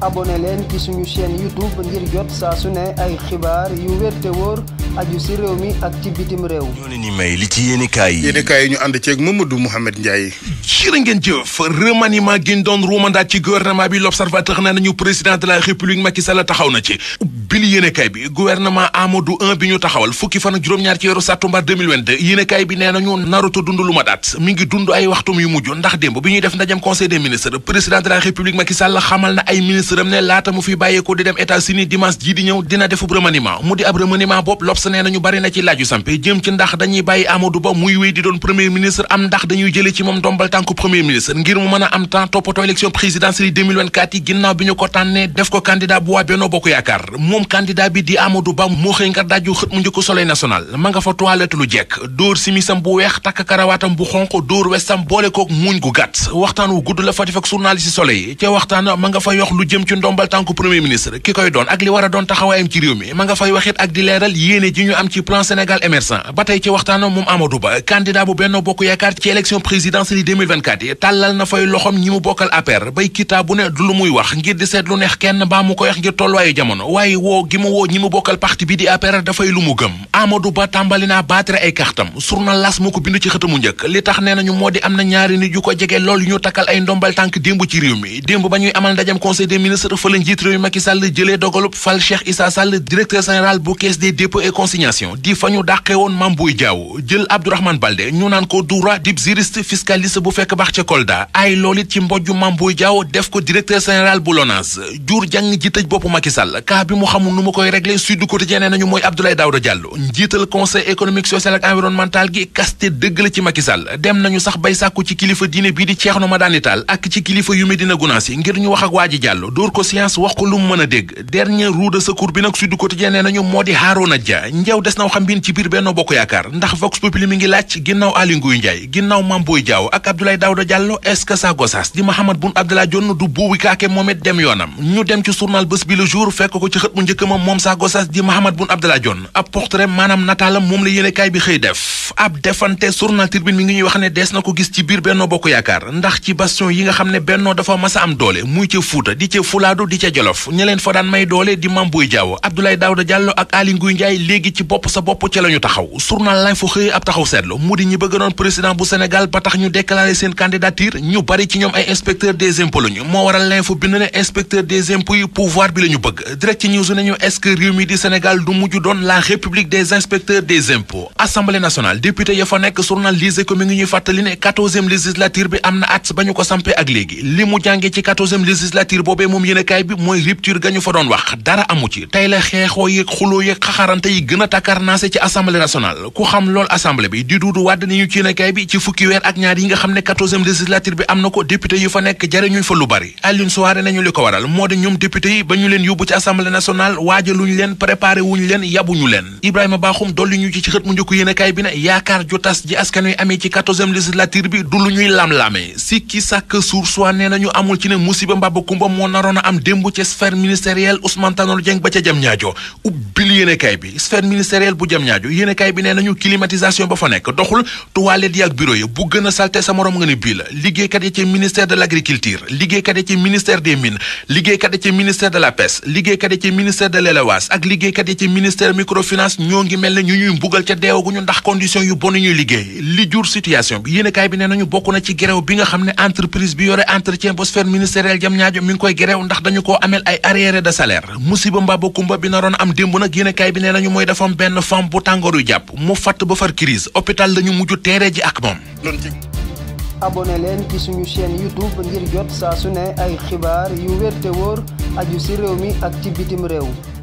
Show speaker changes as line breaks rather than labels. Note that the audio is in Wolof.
abonné leen ci suñu chaîne YouTube ngir jot saa su ne ay xibaar yu wér te aju si réew mi ak ci bitim réew. ñoo leen doon ruumandaat ci gouvernement bi l'observateur nee nañu président de la république Macky Sall taxaw na ci. bili yéenekaay bi gouvernement Amadou 1 bi ñu taxawal fukki fan ak juróom-ñaar ci weeru sàttumbar 2022 bi nee nañu naruto dund lu ma daat mi ngi dund ay waxtum yu mujj ndax démb bi ñuy def ndajam conseil des ministres président de ministre am ne laata mu fi bàyyeeko di dem États-Unis dimanche ji di ñëw dina defub remaniement mu di ab remaniement bopp L'Obs nee nañu bari na ci laaju sampe jëm ci ndax dañuy bàyyi Amadou Ba muy wéy di doon premier ministre am ndax dañuy jële ci moom dombal tànku premier ministre ngir mu mën a am temps toppatoo élection présidentielle 2024 ginnaaw bi ñu ko tànnee def ko candidat bu waa Benno Bokk Yaakaar moom candidat bi di Amadou Ba moo xëy nga dajju xët mu njëkk Soleil la fa def ak journaliste Soleil ca waxtaan jëm ci ndombal tànku premier ministre ki koy doon ak li war a doon taxawaayam ci réew mi ma nga fay waxit ak di leeral yéene ji ñu am ci plan Sénégal émergent ba tey ci waxtaanam moom Amadou Ba candidat bu Benno Bokk Yaakaar ci élection présidentielle yi 2024 yi tàllal na fay loxom ñi mu bokkal APR bay kitaa bu ne lu muy wax ngir di seet lu neex kenn baa mu koy wax ngir tolluwaayu jamono waaye woo gi mu woo ñi mu bokkal parti bi di APR dafay lu mu gëm Amadou Ba tàmbali naa baatare ay kartam journal L'As moo ko bind ci xëtamu njëkk li tax nee nañu moo di am na ñaari nit yu ko jege lool yu ñu takkal ay ndombal tànk démb ci réew mi démb naan ko Doura dib bu fekk baax ca Kolda ay ko directeur général bu LONASE jur jàng ji tëj boppu Macky Sall ka bi mu xamul mooy Abdoulaye Daouda Diallo njiital conseil économique social ak environnemental gi kaste dëgg la ci Macky dem nañu sax bay sàkku ci kilifa diine bii di Ceerno Madani Taal ak ci kilifa yu Medina Gounass yi ngir ñu wax ak waa ji Jàllo dóor ko science wax ko lu mu mën a dégg dernier roue de secours bi nag Sud Quotidien nee nañu moo di Harouna Dia njew des naw xam bin ci biir Benno Bokk Yaakaar ndax Vox Populi mi ngi laaj ginnaaw Aly Ngouille Ndiaye ginnaaw Mame Boye Diao ak sa Gossas di Mahammed Boun Abdallah Dionne du buubi dem yoonam ñu dem ci journal Bës Bi Le Jour sa Gossas maanaam nataalam moom la yéenekaay bi xëy def ab defante journal Tribune mi ngi wax ne dees na ko gis ci biir Benno Bokk Yaakaar ndax ci bastion yi nga xam ne Benno dafa mas a am doole muy ca Fuuta di ca Fulaadu di ca Jolof ña fa daan may doole di Mame Boye Diao Abdoulaye Daouda Diallo ak Aly Ngouille léegi ci bopp sa bopp ci la taxaw journal lañ fa xëy ab taxaw seetlu mu di ñi bëgg doon président bu Sénégal ba tax ñu déclaré seen candidature ñu bari ne inspecteur des impôts yi pouvoir bi la doon la république des inspecteurs des impôts assemblée nationale député ya fa nekk journal lise ko mi ngi ñuy fàttali ne quatorzième législature bi am na at ba ñu ko sampee ak léegi li mu jàngee ci quatorzième législature boobee moom yéenekaay bi mooy rupture ga ñu fa doon wax dara amu ci tey la xeexoo yeeg xuloo yeeg xaxarante yi gën a takkarnaase ci assemblée nationale ku xam lool assemblée bi di duudu wàdd ni ñu ci yéenekaay bi ci fukki weer ak ñaar yi nga xam ne quatorzième législature bi am na ko député yu fa nekk jariñuñ fa lu bari Alioune Souaré nañu li ko waral moo di ñoom député yi ba ñu leen yóbbu ci assemblée nationale waajaluñ leen préparé wuñ leen yabuñu leen Ibrahima Ibrahima dolli ñu ci ci xët mu njëkk yéenekaay bi ne yaakaar ju tas ji askan wi amee ci quatorzième législature bi du lu ñuy lam-lame sikki sàkk suur soi nee nañu amul ci ne musiba mbaba kumba moo naroon a am démb ci sphère ministérielle Ousmane Tanor ba ca jam ñaajo ubbil yéenekaay bi sphère ministérielle bu jam ñaajo yéenekaay bi nee nañu climatisation ba fa nekk doxul toilette yi ak bureau yi bu gën a sa morom nga ne bii liggéeykat yi ngi mel ne ñu ñuy mbugal ca deewaguñu ndax condition yu bon ñuy liggéey li jur situation bi yéenekaay bi nee nañu bokk na ci grève bi nga xam ne entreprise bi yore entretien bosphère ministériel jam ñaajo mi ngi koy grève ndax dañu ko amel ay arriéré de salaire musiba mbaa kumba bi naroon am démb nag yéenekaay bi nee nañu mooy dafa am benn femme bu tàngooru jàpp mu fatt ba far crise hôpital lañu mujj teere ji ak moom abonné leen ci suñu s youtube ngir jot saa su ne ay xibaar yu wér te wóor aju ci réew mi